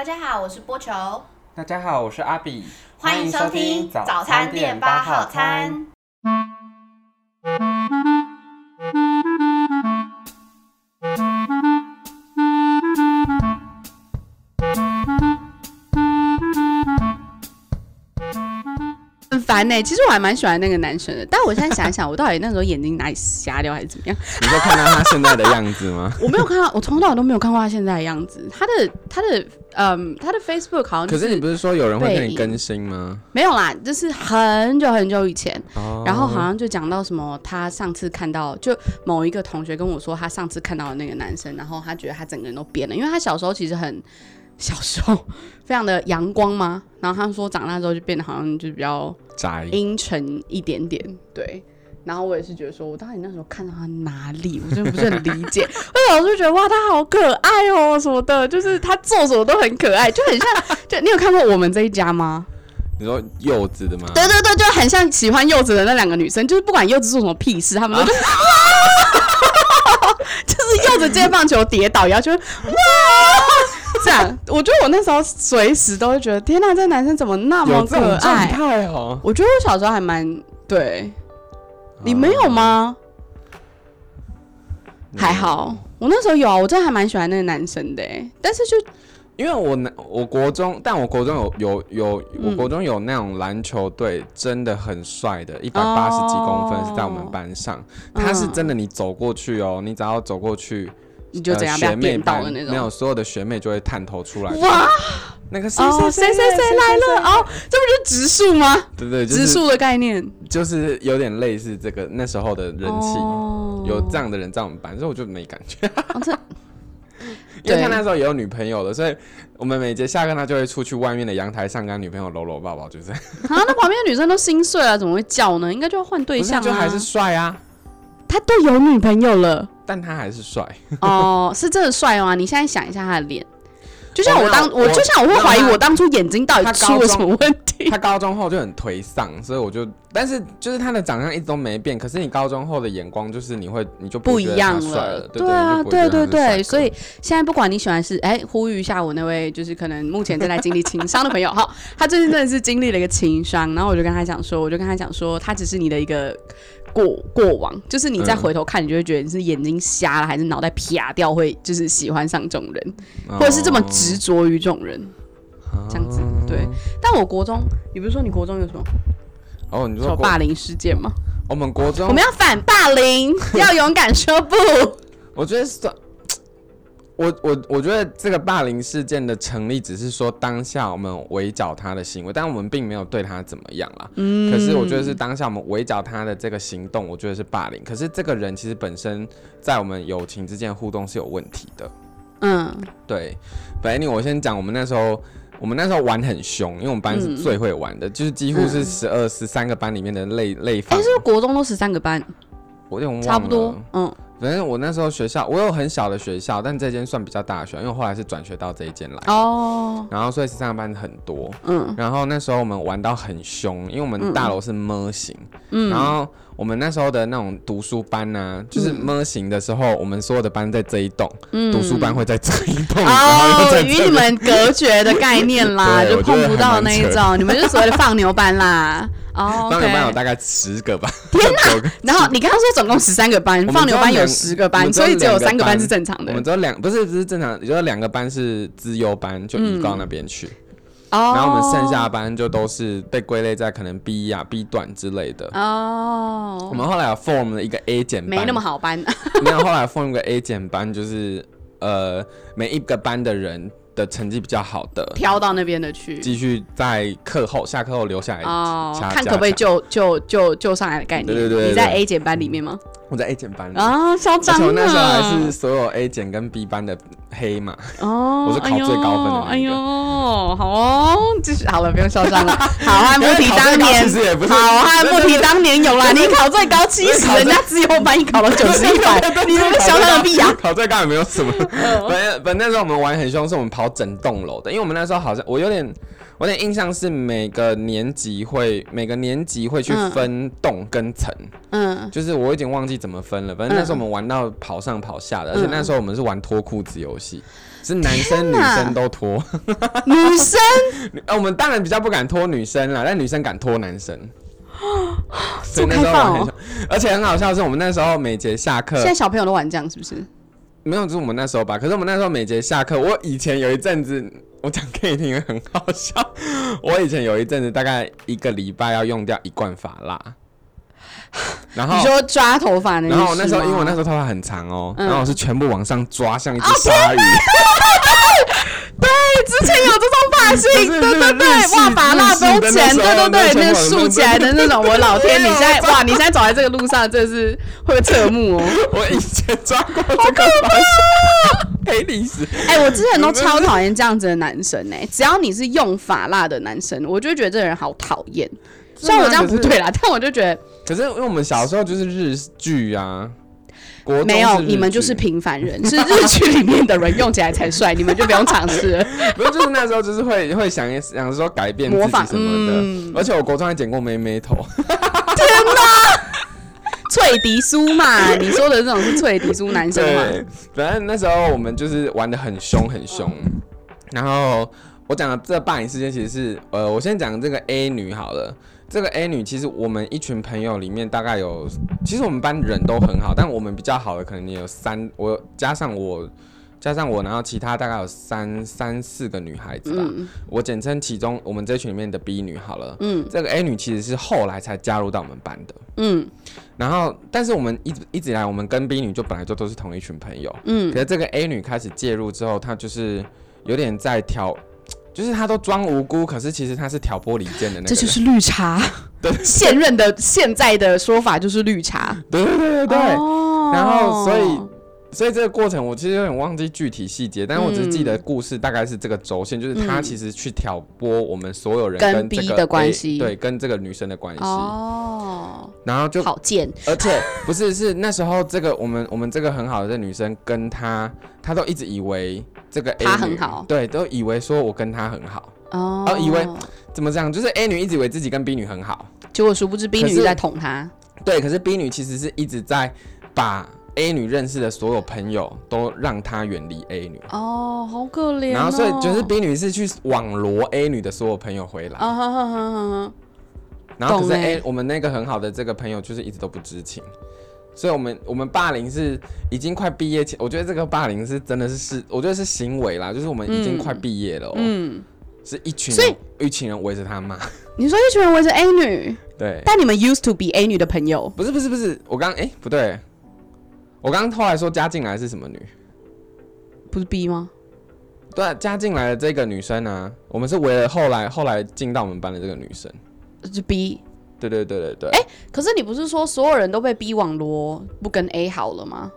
大家好，我是波球。大家好，我是阿比。歡迎收聽早餐店八號餐。其實我還蠻喜歡那個男生的，但我現在想一想，我到底那時候眼睛哪裡瞎掉還是怎麼樣？你會看到他現在的樣子嗎？ 我沒有看到，我從頭到尾都沒有看過他現在的樣子。他的他的嗯、呃，他的 Facebook 好像就是，可是你不是說有人會給你更新嗎？沒有啦，就是很久很久以前，oh. 然後好像就講到什麼，他上次看到就某一個同學跟我說，他上次看到的那個男生，然後他覺得他整個人都變了，因為他小時候其實很。小時候非常的陽光嗎？然後他說長大之後就變得好像就是比較陰沉一點點。對，然後我也是覺得說，我到底那時候看到他哪裡，我真的不是很理解。 為什麼我就覺得哇，他好可愛哦、喔、什麼的？就是他做什麼都很可愛，就很像。就你有看過我們這一家嗎？你說柚子的嗎？對對對，就很像喜歡柚子的那兩個女生，就是不管柚子做什麼屁事，他們就，就、啊、哇， 就是柚子接棒球跌倒， 然後就哇。 這樣，我覺得我那時候隨時都會覺得，天哪、啊，這男生怎麼那麼可愛？太好、哦，我覺得我小時候還蠻對、嗯。你沒有嗎、嗯？還好，我那時候有、啊，我真的還蠻喜歡那個男生的、欸。但是就因為我我國中，但我國中有有有、嗯、我國中有那種籃球隊真的很帥的，一百八十幾公分，是在我們班上，嗯、他是真的，你走過去哦，你只要走過去。你就怎樣、呃、被電到的那種，沒有所有的學妹就會探頭出來。哇，那個誰誰誰誰誰來了哦，喔，這不就是直樹嗎？對對、對、就是，直樹的概念就是有點類似這個那時候的人氣，喔，有這樣的人在我們班，所以我就沒感覺。這、喔啊，因為他那時候也有女朋友的，所以我們每節下課他就會出去外面的陽台上跟他女朋友摟摟抱抱，就是，就這樣。啊，那旁邊的女生都心碎了。啊，怎麼會叫呢？應該就要換對象啊，就還是帥啊。他都有女朋友了，但他還是帥。哦 oh,，是真的帥嗎？你現在想一下他的臉，就像我當、oh, no. 我就像我會懷疑我當初眼睛到底出了什麼問題。他高中，他高中後就很頹喪，所以我就。但是就是他的長相一直都沒變，可是你高中後的眼光就是你會你就不，不一樣了，對啊，對，對對對，所以現在不管你喜歡是哎、欸、呼籲一下我那位就是可能目前正在經歷情傷的朋友哈， 他最近真的是經歷了一個情傷， 然後我就跟他講說，我就跟他講說，他只是你的一個過過往，就是你再回頭看，你就會覺得你是眼睛瞎了還是腦袋啪掉，會就是喜歡上這種人，嗯、或者是這麼執着於這種人，嗯、這樣子對。但我國中，你比如說你國中有什麼？哦，你說霸凌事件嗎？我們國中我們要反霸凌， 要勇敢說不。我覺得是，我我我覺得這個霸凌事件的成立，只是說當下我們圍剿他的行為，但我們並沒有對他怎麼樣啦。嗯，可是我覺得是當下我們圍剿他的這個行動，我覺得是霸凌。可是這個人其實本身在我們友情之間互動是有問題的。嗯，對。But anyway，我先講，我們那時候。我們那時候玩很凶，因為我們班是最會玩的，嗯、就是幾乎是十二、嗯、十三個班裡面的類類其實、欸、是不是國中都十三個班？差不多，嗯。反正我那時候學校，我有很小的學校，但這間算比較大的學校，因為後來是轉學到這一間來。哦、oh.。然後所以上課班很多。嗯。然後那時候我們玩到很凶，因為我們大樓是 ㄇ 型。嗯。然後我們那時候的那種讀書班啊，嗯、就是 ㄇ 型的時候，我們所有的班在這一棟、嗯，讀書班會在這一棟。哦、嗯，與、oh, 你們隔絕的概念啦， 就碰不到那一種，你們就是所謂的放牛班啦。Oh, okay. 放牛班有大概十個班。天哪！個個，然後你剛剛說總共十三個班，放牛班有十個班，個班，所以只有三個班是正常的。我們只有兩不是只、就是正常，也就兩個班是資優班，就移到那邊去。哦、嗯，oh. 然後我們剩下班就都是被歸類在可能 B 啊、B 段之類的。哦、oh.，我們後來，有 後，後來 form 了一個 A 減，沒那麼好班。然後後來 form 一個 A 減班，就是呃，每一個班的人。的成績比較好的，挑到那邊的去，繼續在課後，下課後留下來，哦，看可不可以救救救救上來的概念。對對對對對對對，你在 A 段班裡面嗎？嗯我在 A 減班啊，囂張啊！我那時候還是所有 A 減跟 B 班的黑馬哦， 我是考最高分的那個，哎呦哎呦，好哦，繼續好了，不用囂張了。 好漢不提當年， 好漢不提當年勇啦，對對對！你考最高七十，人家自由班對對對，你考了九十一，你那個囂張的必要、啊、考、考最高也沒有什麼， 本本那時候我們玩很凶，是我們跑整棟樓的，因為我們那時候好像我有點。我的印象是每個年級會每個年級會去分棟跟層，嗯，就是我已經忘記怎麼分了。反正那時候我們玩到跑上跑下的，嗯、而且那時候我們是玩脫褲子遊戲、嗯，是男生女生都脫，啊、 女生啊、呃，我們當然比較不敢脫女生啦，但女生敢脫男生，很開放哦。而且很好笑的是，我們那時候每節下課，現在小朋友都玩這樣是不是？沒有，就是我們那時候吧。可是我們那時候每節下課，我以前有一陣子，我講給你聽，很好笑。我以前有一陣子，大概一個禮拜要用掉一罐髮蠟。然後你說抓頭髮那。然後我那時候，因為我那時候頭髮很長哦，嗯、然後我是全部往上抓，像一隻鯊魚。啊 對，之前有這種髮型，對對對，哇，髮蠟妝前，對對對，那個豎起來的那種，我老天，你現在哇，你現在走在這個路上，真是會側目哦。 我以前抓過這個髮型，好恐怖、啊，黑歷史！哎、欸，我之前都超討厭這樣子的男生哎、欸，只要你是用髮蠟的男生，我就覺得這人好討厭、啊。雖然我這樣不對啦，但我就覺得，可是因為我們小時候就是日劇啊。國中沒有，你們就是平凡人， 是日劇裡面的人用起來才帥， 你們就不用嘗試了。不過就是那時候就是會會想想說改變自己什麼的、嗯，而且我國中還剪過妹妹頭。天哪、啊！脆 笛酥嘛，你說的這種是脆笛酥男生嘛。對，反正那時候我們就是玩得很兇很兇。然後我講的這霸凌事件其實是，呃，我先講這個 A 女好了。這個 A 女其實我們一群朋友裡面大概有，其實我們班人都很好，但我們比較好的可能也有三，我加上我加上我，然後其他大概有三三四個女孩子吧，嗯，我簡稱其中我們這群裡面的 B 女好了。嗯，這個 A 女其實是後來才加入到我們班的。嗯，然後但是我們一直一直以來，我們跟 B 女就本來就都是同一群朋友。嗯，可是這個 A 女開始介入之後，她就是有點在挑。就是他都裝無辜，可是其實他是挑撥離間的那種，這就是綠茶。 對對對，現任的現在的說法就是綠茶。對 對對對對。Oh. 然後所以。所以這個過程我其實有點忘記具體細節、嗯，但是我只是記得故事大概是這個軸線、嗯，就是他其實去挑撥我們所有人跟這個 A, 跟 B 的關係，對，跟這個女生的關係哦。Oh, 然後就好賤，而且不是是那時候這個我們我們這個很好的這個女生跟他，他 都一直以為這個 A 他很好，對，都以為說我跟他很好哦，oh, 以為怎麼講，就是 A 女一直以為自己跟 B 女很好，結果殊不知 B 女在捅他。對，可是 B 女其實是一直在把。A 女認識的所有朋友都讓她遠離 A 女哦，oh, 好可憐、哦。然後所以就是 B 女是去網羅 A 女的所有朋友回來。啊哈哈哈哈哈。然後可是 A、欸、我們那個很好的這個朋友就是一直都不知情。所以我們我們霸凌是已經快畢業前，我覺得這個霸凌是真的是是，我覺得是行為啦，就是我們已經快畢業了、喔嗯。嗯，是一群人，一群人圍着她罵。你說一群人圍着 A 女？對，但你們 used to be A 女的朋友不是不是不是，我剛哎、欸、不對。我剛剛後來說加進來是什麼女？不是 B 嗎？對，加進來的這個女生呢、啊，我們是為了後來後來進到我們班的這個女生，是 B。對對對對對。哎、欸，可是你不是說所有人都被 B 網羅不跟 A 好了嗎？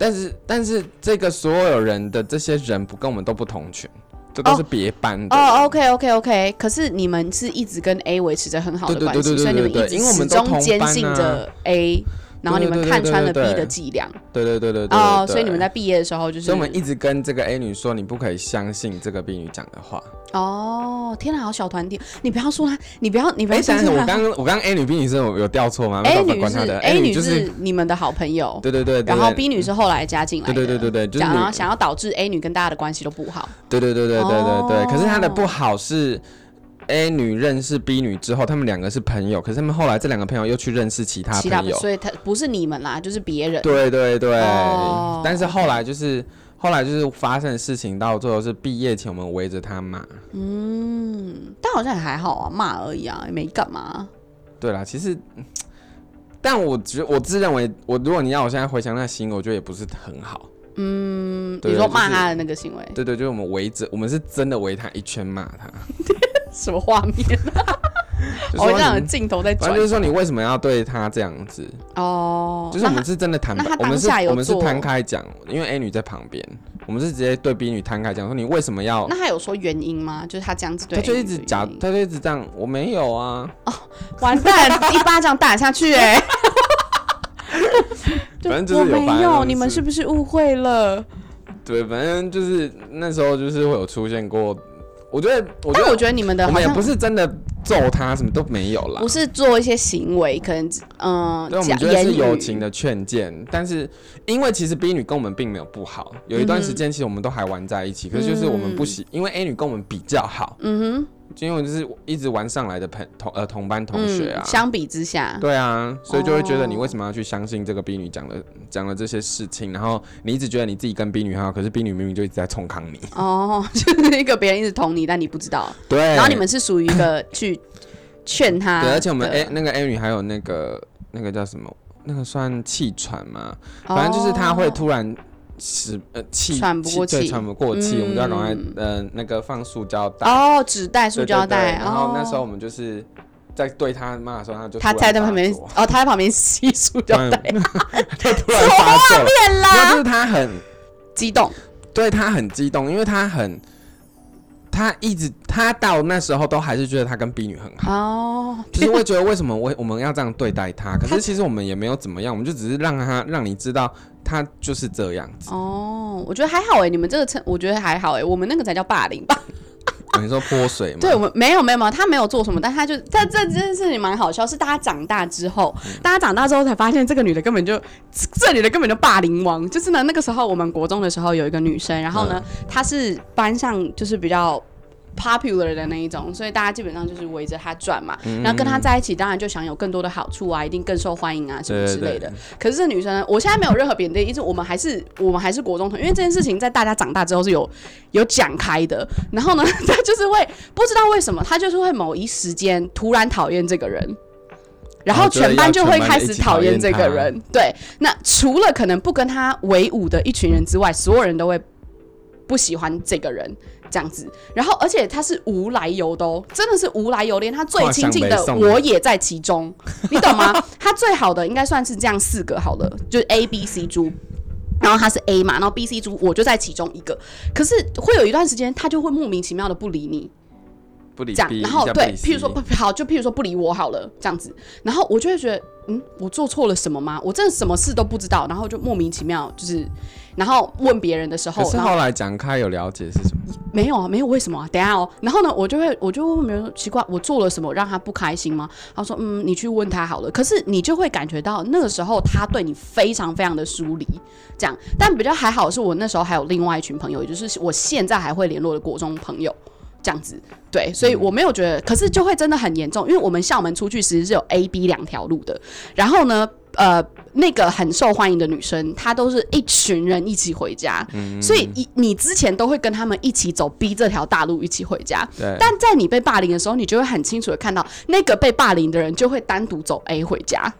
但是但是這個所有人的這些人不跟我們都不同群，這都是別班的哦。Oh, oh, OK OK OK。可是你們是一直跟 A 維持着很好的關係，所以你們一直始終堅信着 A。然後你們看穿了 B 的伎倆，對對對，對對對對哦，所以你們在畢業的時候就是，所以我們一直跟這個 A 女說，你不可以相信這個 B 女講的話。哦，天哪，好小團體！你不要說她，你不要，你不要。但是我剛剛我剛剛 A 女 B 女是有有調錯嗎？A 女是 A 女是，A 女就是、女是你們的好朋友。對對對，對對對，然後 B 女是後來加進來。嗯、對，對對對對，就是想要想要導致 A 女跟大家的關係都不好。對對對對對對對，對，對，對，可是她的不好是。哦 A 女認識 B 女之後，他們兩個是朋友，可是他們後來這兩個朋友又去認識其他朋友，其他，所以他不是你們啦，就是別人。對對對，oh, 但是後來就是、okay. 後來就是發生的事情，到最後是畢業前我們圍着他罵。嗯，但好像也還好啊，罵而已啊，也沒幹嘛。對啦，其實，但我覺得我自認為，我如果你讓我現在回想那行為，我覺得也不是很好。嗯，你說罵他的那個行為，就是、對，對對，就是我們圍着，我們是真的圍他一圈罵他。 什麼畫面？我會讓人鏡頭在轉。就是說你，哦、是說你為什麼要對他這樣子？哦,就是我們是真的談，我們是，我們是攤開講，因為 A 女在旁邊，我們是直接對 B 女攤開講，說你為什麼要？那他有說原因嗎？就是他這樣子，他就一直假，他就一直這樣。我沒有啊。哦，完蛋， 一巴掌打下去、欸，哎 。反正就是有正我沒有，你們是不是誤會了？對，反正就是那時候就是會有出現過。我覺得，但我覺得你們的好像我們也不是真的揍他，什麼都沒有啦，不是做一些行為，可能嗯、呃，對我們覺得是友情的勸諫。但是，因為其實 B 女跟我們並沒有不好，有一段時間其實我們都還玩在一起，嗯、可是就是我們不行，因為 A 女跟我們比較好，嗯哼。因為我就是一直玩上來的朋同呃同班同學啊、嗯，相比之下，對啊，所以就會覺得你為什麼要去相信這個 B 女講的講的這些事情？然後你一直覺得你自己跟 B 女很好，可是 B 女明明就一直在衝康你。哦、oh. 就是那個別人一直捅你，但你不知道。對。然後你們是屬於一個去勸她 對，而且我們哎那個 A 女還有那個那個叫什麼？那個算氣喘嗎、oh. 反正就是她會突然。氣呃氣，對，喘不過氣、嗯。我們就要拿嗯、呃、那個放塑膠袋。哦，紙袋、塑膠袋對對對。然後那時候我們就是在對他罵的時候，他就他在他旁邊哦，他在旁邊、哦、吸塑膠袋， 他突然發作了。那、 就是他很激動，對他很激動，因為他很。他一直，他到那時候都還是覺得他跟 B 女很好哦，oh, 就是會覺得為什麼我 我們要這樣對待他？可是其實我們也沒有怎麼樣，我們就只是讓他讓你知道他就是這樣子哦、oh, 欸。我覺得還好哎，你們這個稱我覺得還好哎，我們那個才叫霸凌吧。等於說潑水嗎？對，我沒有沒有沒有，她沒，沒有做什麼，但他她就，但這這件事情蠻好笑，是大家長大之後，嗯、大家長大之後才發現，這個女的根本就，這女的根本就霸凌王，就是呢，那個時候我們國中的時候有一個女生，然後呢，嗯、她是班上就是比較。popular 的那一種，所以大家基本上就是圍着他轉嘛、嗯。然後跟他在一起，當然就想有更多的好處啊，一定更受歡迎啊，什麼之類的。對對對，可是這女生呢，我現在沒有任何貶低意思，我們還是我們還是國中同，因為這件事情在大家長大之後是有有講開的。然後呢，他就是會不知道為什麼，他就是會某一時間突然討厭這個人，然後全班就會開始討厭這個人。對，那除了可能不跟他為伍的一群人之外，所有人都會不喜歡這個人。這樣子，然後而且他是無來由的哦，真的是無來由的，連他最親近的我也在其中，你懂嗎？ 他最好的應該算是這樣四個好了，就是 A、B、C D，然後他是 A 嘛，然後 B、C D 我就在其中一個，可是會有一段時間他就會莫名其妙的不理你。不理這樣，然後對，譬如說不好，就譬如說不理我好了，這樣子，然後我就會覺得，嗯，我做錯了什麼嗎？我真的什麼事都不知道，然後就莫名其妙，就是，然後問別人的時候，可是後來講開有了解是什麼？沒有啊，沒有，為什麼、啊？等下哦、喔，然後呢，我就會，我就會問別人，奇怪，我做了什麼讓他不開心嗎？他說，嗯，你去問他好了。可是你就會感覺到那個時候他對你非常非常的疏離，這樣。但比較還好是，我那時候還有另外一群朋友，也就是我現在還會聯絡的國中朋友。這樣子，對，所以我沒有覺得，可是就會真的很嚴重，因為我們校門出去其實是有 A、B 兩條路的。然後呢，呃，那個很受歡迎的女生，她都是一群人一起回家，嗯、所以你你之前都會跟他們一起走 B 這條大路一起回家。對，但在你被霸凌的時候，你就會很清楚的看到，那個被霸凌的人就會單獨走 A 回家。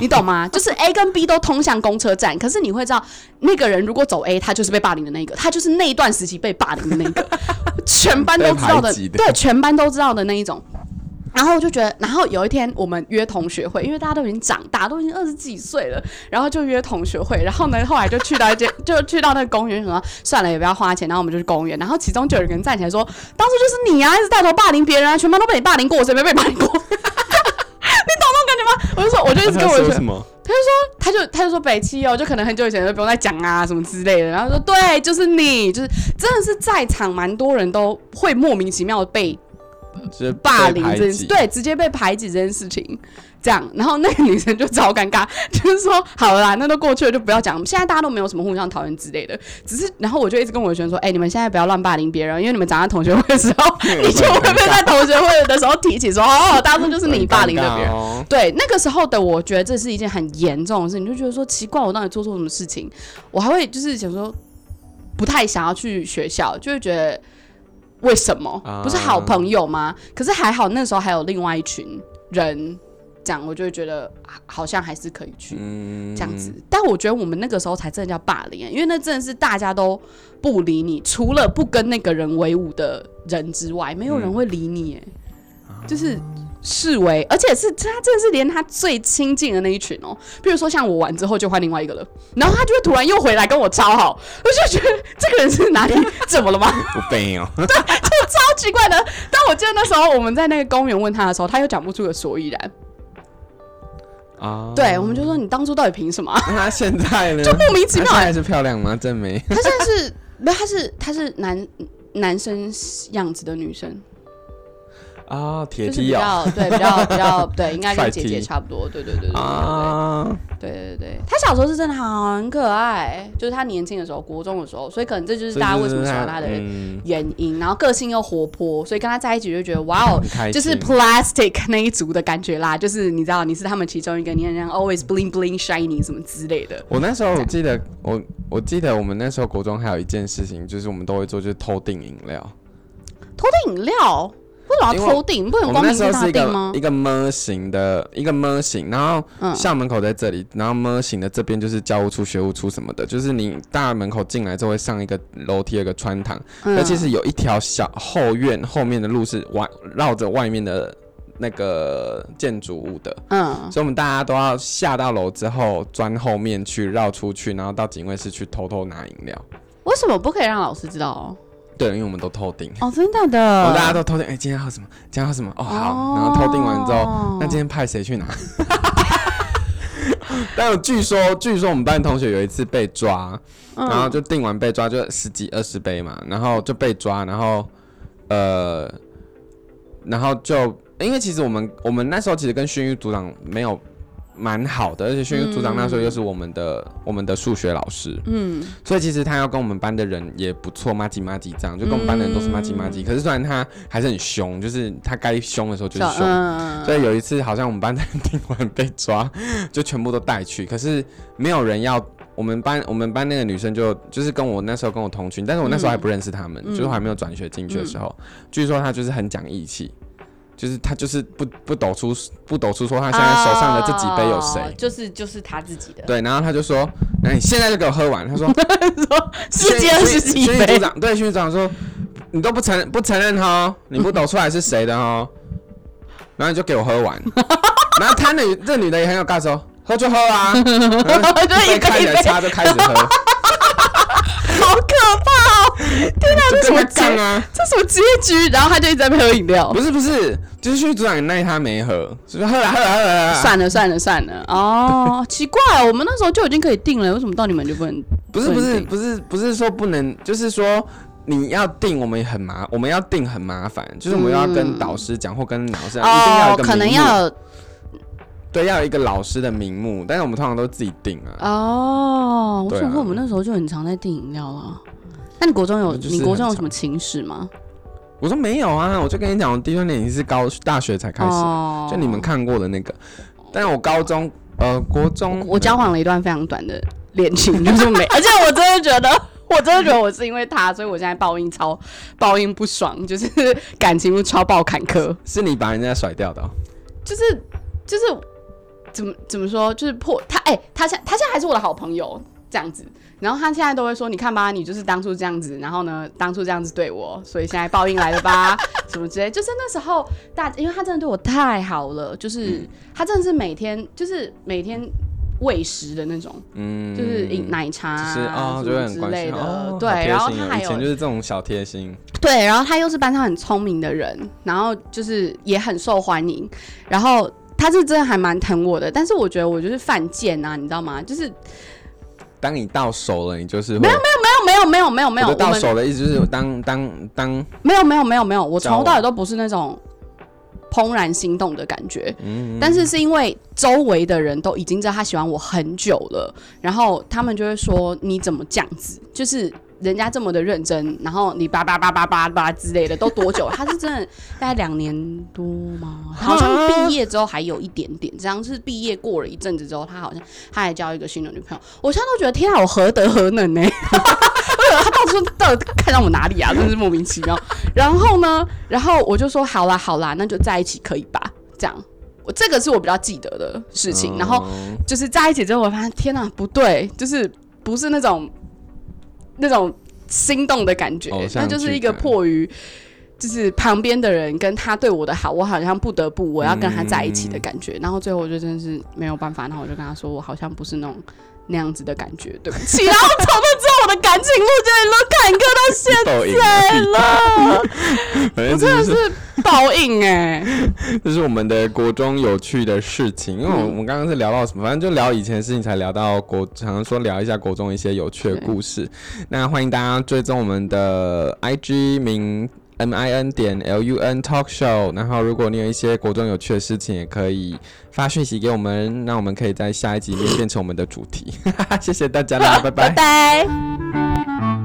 你懂嗎？ 就是 A 跟 B 都通向公車站，可是你會知道那個人如果走 A，他就是被霸凌的那個，他就是那段時期被霸凌的那個，全班都知道的，對，全班都知道的那一種。然後我就覺得，然後有一天我們約同學會，因為大家都已經長大，都已經二十幾歲了，然後就約同學會。然後呢，後來就去到一間 就去到那個公園，然後算了也不要花錢，然後我們就去公園。然後其中就有個人站起來說：“當初就是你啊，一直帶頭霸凌別人啊，全班都被你霸凌過，誰沒被霸凌過？” 就說，我就一直跟我說，啊他說什麼？他就說，他就他就說北七哦，就可能很久以前就不用再講啊什麼之類的。然後說，對，就是你，就是真的是在場蠻多人都會莫名其妙的被。直接霸凌這件事，對，直接被排擠這件事情，這樣，然後那個女生就超尷尬，就是說，好了啦，那都過去了，就不要講。現在大家都沒有什麼互相討厭之類的，只是，然後我就一直跟我的學生說，哎、欸，你們現在不要亂霸凌別人，因為你們長在同學會的時候， 你就會被在同學會的時候提起說，哦，當初就是你霸凌了別人、 哦。對，那個時候的，我覺得這是一件很嚴重的事，你就覺得說奇怪，我到底做錯什麼事情？我還會就是想說，不太想要去學校，就會覺得。為什麼不是好朋友嗎？Uh, 可是還好那時候還有另外一群人講，我就覺得好像還是可以去這樣子。Mm. 但我覺得我們那個時候才真的叫霸凌，因為那真的是大家都不理你，除了不跟那個人為伍的人之外，沒有人會理你，mm. 就是。Uh. 示威，而且是他，真的是連他最親近的那一群哦、喔，比如說像我玩之後，就換另外一個了，然後他就會突然又回來跟我超好，我就覺得這個人是哪裡？ 怎麼了嗎？不背哦，對，就超奇怪的。 但我記得那時候我們在那個公園問他的時候，他又講不出個所以然。啊、uh...，對，我們就說，你當初到底憑什麼？那、uh... 現在呢？就莫名其妙，現在還是漂亮嗎？真美。 他現在是，他是他是男男生樣子的女生。啊，鐵梯啊、喔就是，對，比較比較 對，應該跟姐、姐姐差不多，對對對對對、啊、對對對對。他小時候是真的很可愛，就是他年輕的時候，國中的時候，所以可能這就是大家為什麼喜歡他的原因。對對對嗯、然後個性又活潑，所以跟他在一起就覺得哇哦，就是 plastic 那一組的感覺啦，就是你知道你是他們其中一個，你很像 always bling bling shining 什麼之類的。我那時候我記得我我記得我們那時候國中還有一件事情，就是我們都會做，就是偷訂飲料，偷訂飲料。老偷頂，不有光明正大頂嗎？一個 M 型的，一個 M 型，然後校門口在這裡，嗯、然後 M 型的這邊就是教務處、學務處什麼的，就是你大門口進來就會上一個樓梯，一個穿堂、嗯。那其實有一條小後院，後面的路是外繞着外面的那個建築物的。嗯，所以我們大家都要下到樓之後，鑽後面去繞出去，然後到警衛室去偷偷拿飲料。為什麼不可以讓老師知道哦？哦對，因為我們都偷訂哦，oh, 真的的，我、哦、大家都偷訂。哎，今天要喝什麼？今天要喝什麼？哦，好、oh，然後偷訂完之後，那今天派誰去拿？ 但是據說，據說我們班同學有一次被抓，oh. 然後就訂完被抓，就十幾二十杯嘛，然後就被抓，然後呃，然後就因為其實我們我們那時候其實跟訓育組長沒有。蠻好的，而且宣學組長那時候又是我們的、嗯、我們的數學老師，嗯，所以其實他要跟我們班的人也不錯，麻吉麻吉這樣，就跟我們班的人都是麻吉麻吉。可是雖然他還是很兇，就是他該兇的時候就兇，啊。所以有一次好像我們班的人聽完被抓，就全部都帶去，可是沒有人要。我們班我們班那個女生就就是跟我那時候跟我同群，但是我那時候還不認識他們，嗯、就是我還沒有轉學進去的時候，嗯嗯，據說他就是很講義氣。就是他，就是不不抖出不抖出，抖出說他現在手上的這幾杯有誰？就是就是他自己的。對，然後他就說：“那你現在就給我喝完。”他說：“說十幾二十幾杯。”對，區長說：“你都不承不承認哈？你不抖出來是誰的哈？然後你就給我喝完。”然後他的這女的也很有尬，說，喝就喝啊，一杯一杯他就開始喝。 天哪，啊、這是什麼講啊？這是什麼結局？然後他就一直在那喝飲料。不是不是，就是去組長耐他沒喝，是不是？喝了喝了喝了。算了算了算了。哦， 奇怪，我們那時候就已經可以定了，為什麼到你們就不能？不是不是不,不是不是,不是說不能，就是說你要定，我們很麻我們要定很麻煩，就是我們要跟導師講、嗯、或跟老師講，一定要一個名、哦、可能要對，要有一個老師的名目，但是我們通常都自己定啊。哦，啊、我想說我們那時候就很常在訂飲料了、啊？你國中有你國中有什麼情史嗎？我說沒有啊，我就跟你講，我第一段戀情是高大學才開始、哦，就你們看過的那個。但我高中呃，國中，我交往了一段非常短的戀情， 就是沒。 而且我真的覺得，我真的覺得我是因為他，所以我現在報應超報應不爽，就是感情超爆坎坷。是你把人家甩掉的、哦？就是就是怎麼怎麼說？就是破他哎、欸，他現他現在還是我的好朋友。這樣子，然後他現在都會說：“你看吧，你就是當初這樣子，然後呢，當初這樣子對我，所以現在報應來了吧？ 什麼之類，就是那時候大，因為他真的對我太好了，就是、嗯、他真的是每天就是每天餵食的那種，嗯，就是飲奶茶啊、就是哦、之類的對、哦哦，對。然後他還有以前就是這種小貼心，對。然後他又是班上很聰明的人，然後就是也很受歡迎，然後他是真的還蠻疼我的，但是我覺得我就是犯賤啊，你知道嗎？就是。當你到手了，你就是沒有沒有沒有沒有沒有沒有，沒有到手的意思就是當、嗯、當當沒有沒有沒有沒有我從頭到尾都不是那種怦然心動的感覺，嗯嗯，但是是因為周圍的人都已經知道他喜歡我很久了，然後他們就會說你怎麼這樣子，就是。人家這麼的認真，然後你叭叭叭叭叭叭叭之類的，都多久？他是真的大概兩年多嗎？好像畢業之後還有一點點，這樣是畢業過了一陣子之後，他好像他還交一個新的女朋友。我現在都覺得天哪，我何德何能呢？ 他到處到底看到我哪裡啊？真是莫名其妙。 然後呢，然後我就說好啦好啦，那就在一起可以吧？這樣，我這個是我比較記得的事情。Oh. 然後就是在一起之後，我發現天哪，不對，就是不是那種。那種心動的感覺，那就是一個迫於，就是旁邊的人跟他對我的好，我好像不得不我要跟他在一起的感覺。嗯、然後最後我就真的是沒有辦法，然後我就跟他說，我好像不是那種。那樣子的感覺，對不起。然後從那之後，我的感情路就一路坎坷到現在了。反正真的是報應哎。 這是我們的國中有趣的事情，因為我我們剛剛是聊到什麼，反正就聊以前的事情，才聊到國，常常說聊一下國中一些有趣的故事。Okay. 那歡迎大家追蹤我們的 IG 名。M I N 點 L U N Talk Show，然後如果你有一些國中有趣的事情，也可以發訊息給我們，那我們可以在下一集裡面變成我們的主題。 謝謝大家啦，啊、拜拜。拜拜。